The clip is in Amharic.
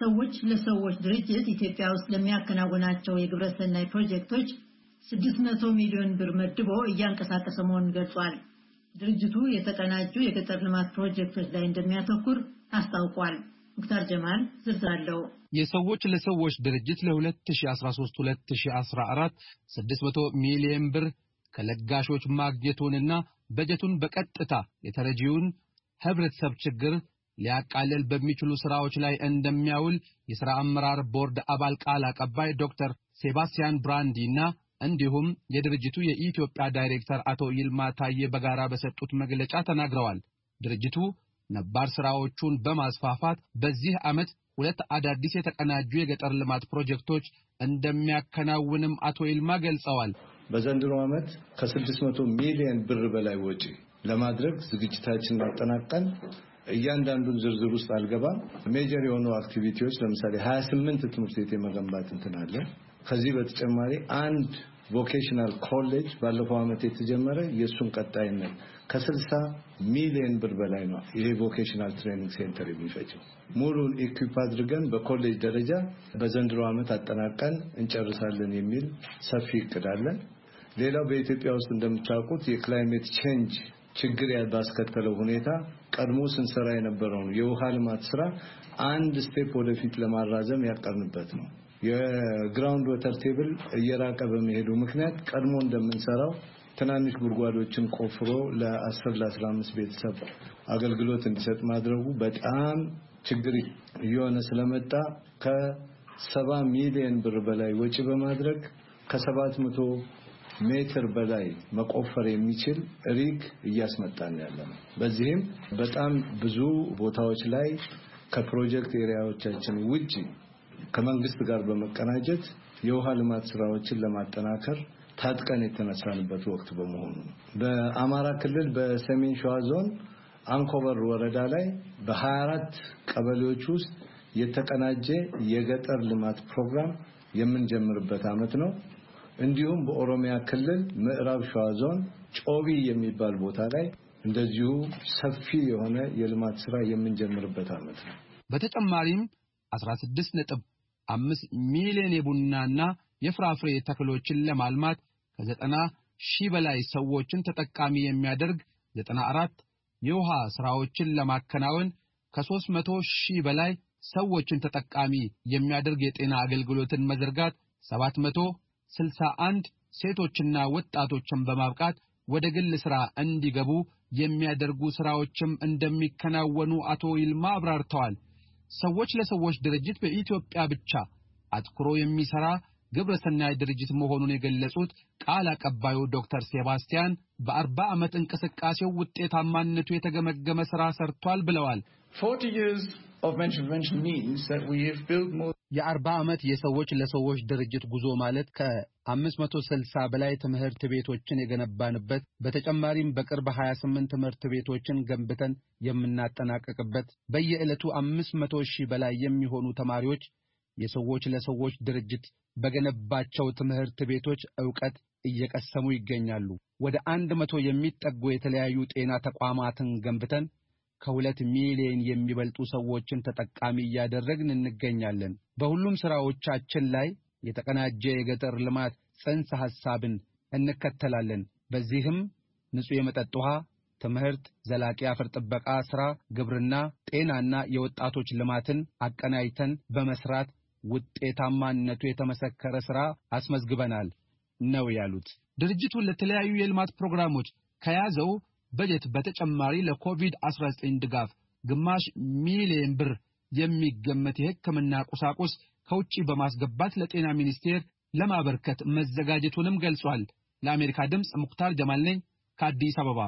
ሰዎች ለሰዎች ድርጅት ኢትዮጵያ ውስጥ ለሚያከናውናቸው የግብረሰናይ ፕሮጀክቶች 600 ሚሊዮን ብር መድቦ እያንቀሳቀሰ መሆኑን ገልጿል። ድርጅቱ የተቀናጁ የገጠር ልማት ፕሮጀክቶች ላይ እንደሚያተኩር አስታውቋል። ሙክታር ጀማል ዝርዝር አለው። የሰዎች ለሰዎች ድርጅት ለ2013 2014 600 ሚሊዮን ብር ከለጋሾች ማግኘቱንና በጀቱን በቀጥታ የተረጂውን ህብረተሰብ ችግር ሊያቃልል በሚችሉ ሥራዎች ላይ እንደሚያውል የሥራ አመራር ቦርድ አባል ቃል አቀባይ ዶክተር ሴባስቲያን ብራንዲ እና እንዲሁም የድርጅቱ የኢትዮጵያ ዳይሬክተር አቶ ይልማ ታዬ በጋራ በሰጡት መግለጫ ተናግረዋል። ድርጅቱ ነባር ሥራዎቹን በማስፋፋት በዚህ ዓመት ሁለት አዳዲስ የተቀናጁ የገጠር ልማት ፕሮጀክቶች እንደሚያከናውንም አቶ ይልማ ገልጸዋል። በዘንድሮ ዓመት ከ600 ሚሊዮን ብር በላይ ወጪ ለማድረግ ዝግጅታችን አጠናቀን እያንዳንዱን ዝርዝር ውስጥ አልገባም። ሜጀር የሆኑ አክቲቪቲዎች ለምሳሌ 28 ትምህርት ቤት የመገንባት እንትን አለ። ከዚህ በተጨማሪ አንድ ቮኬሽናል ኮሌጅ ባለፈው ዓመት የተጀመረ የእሱን ቀጣይነት ከስልሳ ሚሊዮን ብር በላይ ነው ይሄ ቮኬሽናል ትሬኒንግ ሴንተር የሚፈጀው። ሙሉን ኢኩፕ አድርገን በኮሌጅ ደረጃ በዘንድሮ ዓመት አጠናቀን እንጨርሳለን የሚል ሰፊ እቅድ አለን። ሌላው በኢትዮጵያ ውስጥ እንደምታውቁት የክላይሜት ቼንጅ ችግር ባስከተለው ሁኔታ ቀድሞ ስንሰራ የነበረውን የውሃ ልማት ስራ አንድ ስቴፕ ወደፊት ለማራዘም ያቀርንበት ነው። የግራውንድ ወተር ቴብል እየራቀ በመሄዱ ምክንያት ቀድሞ እንደምንሰራው ትናንሽ ጉድጓዶችን ቆፍሮ ለ10 ለ15 ቤተሰብ አገልግሎት እንዲሰጥ ማድረጉ በጣም ችግር እየሆነ ስለመጣ ከሰባ ሚሊዮን ብር በላይ ወጪ በማድረግ ከሰባት መቶ ሜትር በላይ መቆፈር የሚችል ሪግ እያስመጣን ያለ ነው። በዚህም በጣም ብዙ ቦታዎች ላይ ከፕሮጀክት ኤሪያዎቻችን ውጪ ከመንግስት ጋር በመቀናጀት የውሃ ልማት ስራዎችን ለማጠናከር ታጥቀን የተነሳንበት ወቅት በመሆኑ በአማራ ክልል በሰሜን ሸዋ ዞን አንኮበር ወረዳ ላይ በ24 ቀበሌዎች ውስጥ የተቀናጀ የገጠር ልማት ፕሮግራም የምንጀምርበት ዓመት ነው። እንዲሁም በኦሮሚያ ክልል ምዕራብ ሸዋ ዞን ጮቢ የሚባል ቦታ ላይ እንደዚሁ ሰፊ የሆነ የልማት ስራ የምንጀምርበት ዓመት ነው። በተጨማሪም 16 ነጥብ አምስት ሚሊዮን የቡናና የፍራፍሬ ተክሎችን ለማልማት ከዘጠና ሺህ በላይ ሰዎችን ተጠቃሚ የሚያደርግ ዘጠና አራት የውሃ ሥራዎችን ለማከናወን ከሦስት መቶ ሺህ በላይ ሰዎችን ተጠቃሚ የሚያደርግ የጤና አገልግሎትን መዘርጋት ሰባት መቶ ስልሳ አንድ ሴቶችና ወጣቶችን በማብቃት ወደ ግል ሥራ እንዲገቡ የሚያደርጉ ሥራዎችም እንደሚከናወኑ አቶ ይልማ አብራርተዋል። ሰዎች ለሰዎች ድርጅት በኢትዮጵያ ብቻ አትኩሮ የሚሰራ ግብረ ሰናይ ድርጅት መሆኑን የገለጹት ቃል አቀባዩ ዶክተር ሴባስቲያን በአርባ ዓመት እንቅስቃሴው ውጤታማነቱ የተገመገመ ሥራ ሰርቷል ብለዋል። የአርባ ዓመት የሰዎች ለሰዎች ድርጅት ጉዞ ማለት ከ560 በላይ ትምህርት ቤቶችን የገነባንበት በተጨማሪም በቅርብ 28 ትምህርት ቤቶችን ገንብተን የምናጠናቀቅበት በየዕለቱ 500 ሺህ በላይ የሚሆኑ ተማሪዎች የሰዎች ለሰዎች ድርጅት በገነባቸው ትምህርት ቤቶች ዕውቀት እየቀሰሙ ይገኛሉ። ወደ አንድ መቶ የሚጠጉ የተለያዩ ጤና ተቋማትን ገንብተን ከሁለት ሚሊዮን የሚበልጡ ሰዎችን ተጠቃሚ እያደረግን እንገኛለን። በሁሉም ሥራዎቻችን ላይ የተቀናጀ የገጠር ልማት ጽንሰ ሐሳብን እንከተላለን። በዚህም ንጹሕ የመጠጥ ውሃ፣ ትምህርት፣ ዘላቂ አፈር ጥበቃ ሥራ፣ ግብርና፣ ጤናና የወጣቶች ልማትን አቀናጅተን በመሥራት ውጤታማነቱ የተመሰከረ ሥራ አስመዝግበናል ነው ያሉት። ድርጅቱ ለተለያዩ የልማት ፕሮግራሞች ከያዘው በጀት በተጨማሪ ለኮቪድ-19 ድጋፍ ግማሽ ሚሊየን ብር የሚገመት የሕክምና ቁሳቁስ ከውጭ በማስገባት ለጤና ሚኒስቴር ለማበርከት መዘጋጀቱንም ገልጿል። ለአሜሪካ ድምፅ ሙክታር ጀማል ነኝ ከአዲስ አበባ